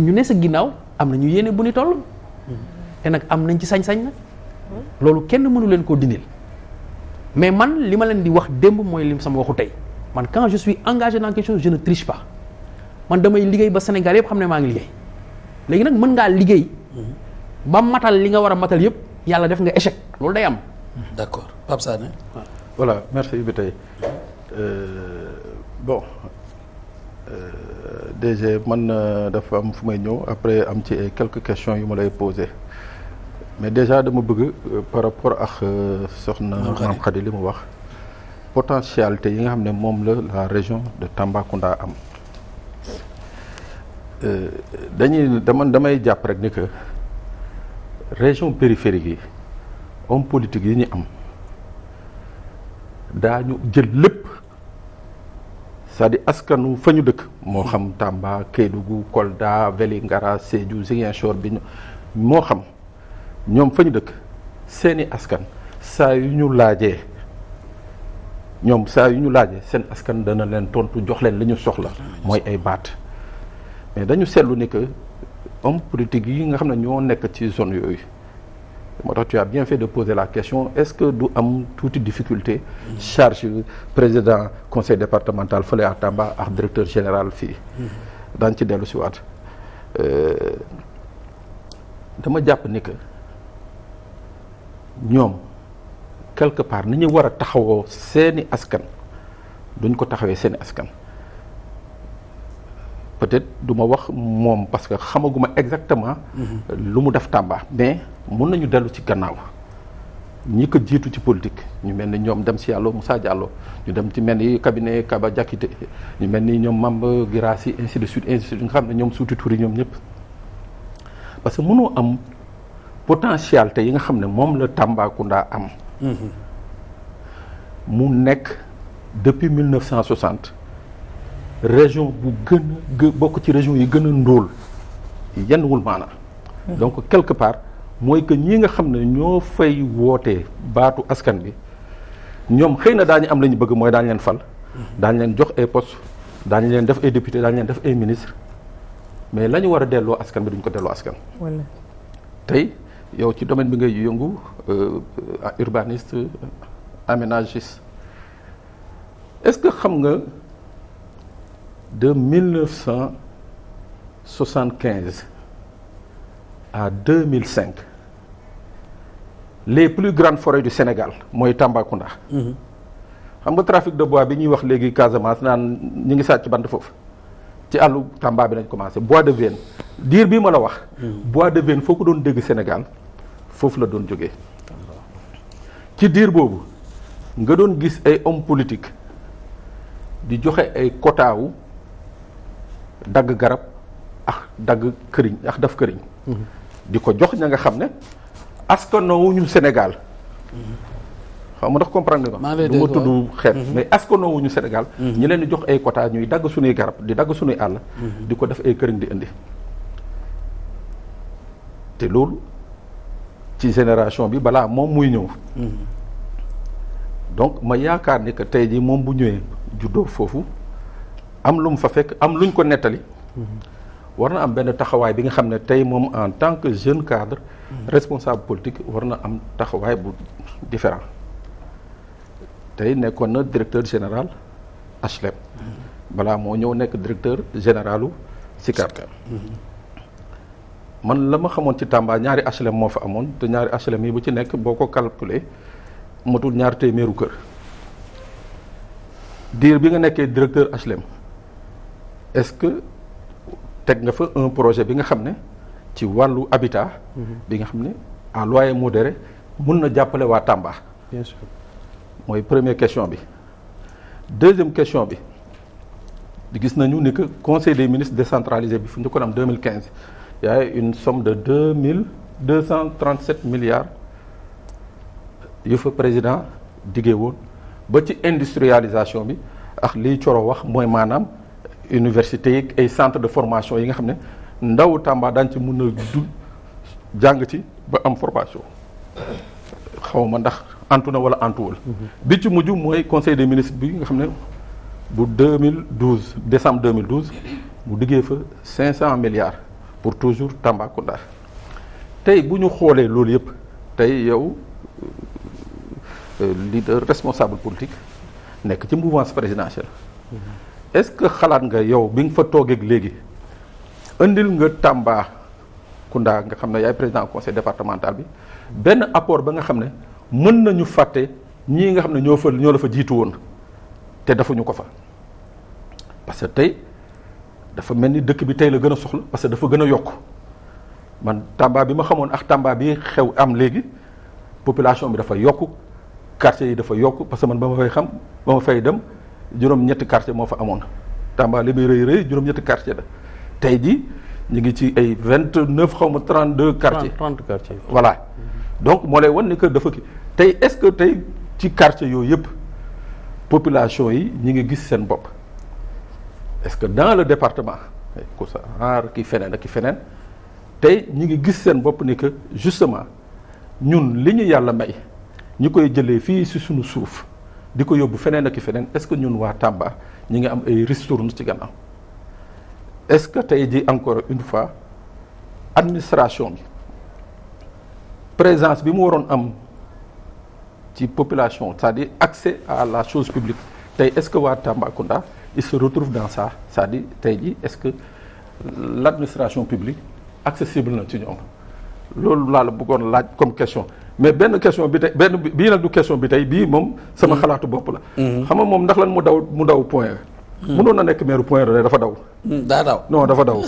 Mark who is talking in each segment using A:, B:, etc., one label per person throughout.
A: ñu ne sa ginnaaw am na ñu yéene bu ni toll. te nag am nañ ci sañ-sañ nag. loolu kenn mënu leen koo dindil mais man li ma leen di wax démb mooy lim sama waxu tey man quand je suis engagé dans quelque chose je ne triche pas man damay liggéey ba Sénégal yëpp xam ne maa ngi liggéey léegi nag mën ngaa liggéey. ba matal li nga war a matal yëpp yàlla def nga échec loolu day am. d'accord Pape Sané.
B: voilà merci Ibi tey euh, euh, DG man euh, dafa am fu may ñëw après am ci ay quelques questions yu ma lay posé mais déjà dama bëgg euh, par rapport ak euh, soxna Maam Khady li mu wax potentialité yi nga xam ne moom la la région de Tambacounda am dañuy dama damay jàpp rek ni que région périphérique yi homme politique yi ñu am daañu jël lépp cest di askanu fa ñu dëkk moo xam Tamba Kédougou Kolda Vélingara Sédhiou Ziguinchor bi ñu moo xam ñoom fa ñu dëkk seeni askan saa yu ñu laajee ñoom saa yu ñu laajee seen askan dana leen tontu jox leen li ñu soxla mooy ay baat mais dañu seetlu ni que homme politique yi nga xam ne ñoo nekk ci zone yooyu moo tax tu as bien fait de poser la question est-ce que du am touti difficulté charge président conseil départemental fële à Tamba ak directeur général fii daan ci dellu si waat euh, dama jàpp ni que ñoom quelque part ni ñu war a taxawoo seeni askan duñ ko taxawee seeni askan peut-être du ma wax moom parce que xamaguma exactement mhm. lu mu def Tamba mais mun nañu dellu ci gannaaw ñi ko jiitu ci politique ñu mel ni ñoom dem si Yàlla Moussa Diallo ñu dem ci mel ni cabinet Kaba Diakité ñu mel ni ñoom Mamba Guirassy ainsi de suite ainsi de suite nga xam ne ñoom suuti turi ñoom ñëpp parce que mënoo am potentialité yi nga xam ne moom la Tambacounda am mhm. mu nekk depuis 1960 région bu gën a bokk ci région yi gën a ndóol yenn wul maana hmm. donc quelque part mooy que ñi nga xam ne ñoo fay wootee baatu askan bi ñoom xëy na daañu am la ñu bëgg mooy daañu leen fal hmm. daañu leen jox ay poste daañu leen def ay député daañu leen def ay ministre mais lañu ñu war a delloo askan bi duñ ko delloo askan tey yow ci domaine bi ngay yëngu euh, urbaniste aménagiste est-ce que xam nga de 1975 à 2005 les plus grandes forêts du Sénégal mooy Tambacounda. Mhm. xam nga trafic de bois bi ñuy wax léegi Casamance naan ñu ngi sàcc bant foofu ci àllu Tamba bi nañ commencé bois de Vène diir bii ma la wax. Mhm. bois de Vène foo ko doon dégg Sénégal foofu la doon jógee. ci diir boobu nga doon gis ay hommes politiques di joxe ay quotas dagg garab ak dagg këriñ ak daf këriñ di ko jox ña nga xam ne askanoowu ñu Sénégal xam nga ndax comprendre nga du ma tudd xeet mhm. mais askanoowu ñu Sénégal mhm. ñi leen di jox ay quota ñuy dagg suñuy garab di dagg suñuy àll mhm. di ko def ay këriñ di indi te loolu ci génération bi balaa moom muy ñëw donc ma yaakaar ni que tey jii moom bu ñëwee juddoo foofu am lu mu fa fekk am lu luñ ko nettali war na am benn taxawaay bi nga xam ne tey moom en tant que jeune cadre mhm. responsable politique war na am taxawaay bu différent tey nekkoon na directeur général HLM e mhm. balaa moo ñëw nekk directeur généralu SICAP mhm. man la ma xamoon ci Tamba ñaari HLM e moo fa amoon te ñaari HLM e yi bu ci nekk boo ko calculer matul ñaar téeméeru kër diir bi nga nekkee directeur HLM est-ce que teg nga fa un projet bi nga xam ne ci wàllu habitat bi nga xam ne en loyer modéré mun na jàppale waa Tamba. mooy premier question bi deuxième question bi gis ñu ni que conseil des ministres décentralisé bi fu ñu ko am 2015 y a une somme de deux mille deux cent trente sept milliards yu fa président diggee woon ba ci industrialisation bi ak liy coro wax mooy maanaam. université yi ay centre de formation yi nga xam ne ndaw Tamba daañu ci mun na du jàng ci ba am formation xaw ma ndax antu na wala antuwul mhm. bi ci mujj mooy conseil des ministres bi nga xam ne bu mille 2012 décembre 2012 mu diggee fa cinq cent milliards pour toujours Tambacounda tey bu ñu xoolee loolu yëpp tey yow euh, leader responsable politique nekk ci mouvance présidentielle. Mhm. est-ce que xalaat nga yow bi nga fa toogeek léegi indil nga Tamba Kounda nga xam ne yaay président conseil départemental bi benn apport ba nga xam ne mën nañu fàtte ñii nga xam ne ñoo fa ñoo la fa jiitu woon te defuñu ko fa parce que tey dafa mel ni dëkk bi tey la gën a soxla parce que dafa gën a yokk man Tamba bi ma xamoon ak Tamba bi xew am léegi population bi dafa yokk quartier yi dafa yokk parce que man ba ma fay xam ba ma fay dem juróom-ñetti quartier moo fa amoon Tamba bi muy rëy rëy juróom-ñetti quartier la tey jii ñu ngi ci ay vingt neuf xaw ma trente deux quartier
A: trente quartier
B: voilà donc moo lay wan ni que dafa ki tey est-ce que tey ci quartier yooyu yëpp population yi ñu ngi gis seen bopp est-ce que dans le département Koussaar ki feneen ak ki feneen tey ñu ngi gis seen bopp ni que justement ñun li ñu yàlla may ñu koy jëlee fii si suñu suuf di ko yóbbu feneen ak feneen est-ce que ñun waa Tamba ñi ngi am ay ristourne ci gannaaw est-ce que tey ji encore une fois administration bi présence bi mu waroon am ci population c'est-à-dire accès à la chose publique tey est-ce que waa Tambacounda il se retrouve dans ça cest tey ji est-ce que l'administration publique accessible na ci ñoom loolu laa buggoon laaj comme question mais benn question bi tey benn bii nag du question bi tey bii moom sama mm. xalaatu bopp la mm. xam nga moom ndax lan mu daw mu daw point e. mm. mënoon na nekk maire point e dafa daw daa daw dafa daw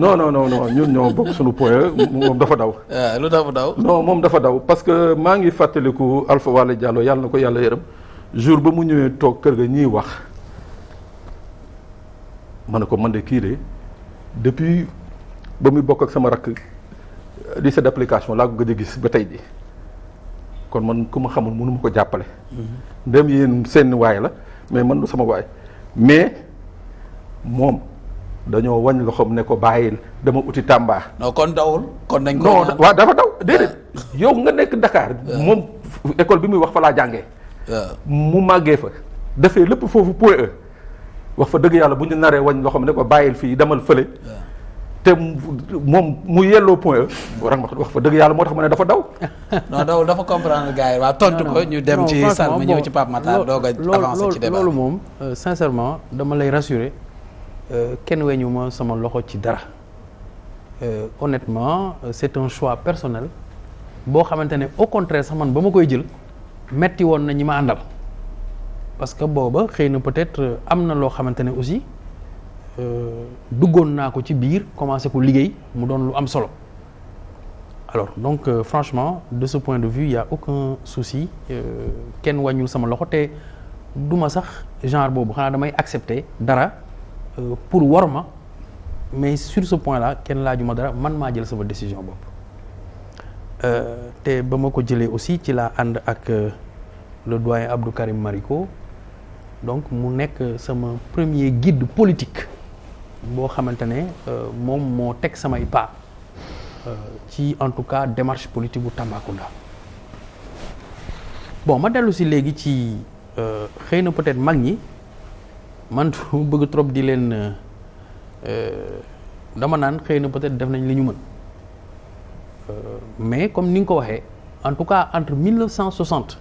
B: noo non non suñu point e, moom dafa daw ah, lu tax mu moom dafa daw parce que maa ngi fàttaliku Alpha Wale Diallo yàlla na ko yàlla yërëm jour ba mu ñëwee toog kër ga ñiy wax ma ne ko man de kii de depuis ba muy bokk ak sama rakk lycée d'application laa ko gëj a gis ba tey ji kon man ku ma xamul mënu ma ko jàppale. ndem yéen seen waay la mais man du sama waay mais moom dañoo wañ loxoom ne ko bàyyil dama uti Tamba. non kon dawul kon nañ ko. non waaw dafa daw ah. déedéet yow nga nekk Dakar. Ah. moom école bi muy wax fa laa jàngee. Ah. mu màggee fa. defee lépp foofu point e wax fa dëgg yàlla bu ñu naree wañ loxoom ne ko bàyyil fii demal fële. te moom mu yelloo point E. war wax fa dëgg yàlla moo tax ma ne dafa daw.
A: non daw dafa comprendre gars yi waaw tontu ko ñu dem ci Salma ñëw ci Pape Matar doog a avancer ci débat loolu moom euh, sincèrement dama lay rassurer euh, kenn weñu ma sama loxo ci dara euh, honnêtement c'est un choix personnel boo xamante ne au contraire sax man ba ma koy jël metti woon na ñi ma àndal parce que booba xëy na peut-être am na loo xamante ne aussi. Euh, duggoon naa ko ci biir commencé ko liggéey mu doon lu am solo alors donc euh, franchement de ce point de vue y a aucun souci euh, kenn wàññul sama loxo te duma sax genre boobu xanaa damay accepter dara euh, pour war ma mais sur ce point là kenn laajuma dara man maa jël sama décision bopp te ba ma ko jëlee aussi ci laa ànd ak le doyen Abdou Karim Mariko donc mu nekk sama premier guide politique boo xamante ne euh, moom moo teg samay pas euh, ci en tout cas démarche politique bu Tambacounda bon ma dellu si léegi ci euh, xëy na peut-être mag ñi man mu bëgg trop di leen dama naan xëy na peut-être def nañ li ñu mën mais comme ni nga ko waxee en tout cas entre 1960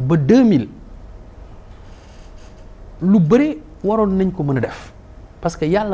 A: ba 2000 lu bëri waroon nañ ko mën a def parce que yàlla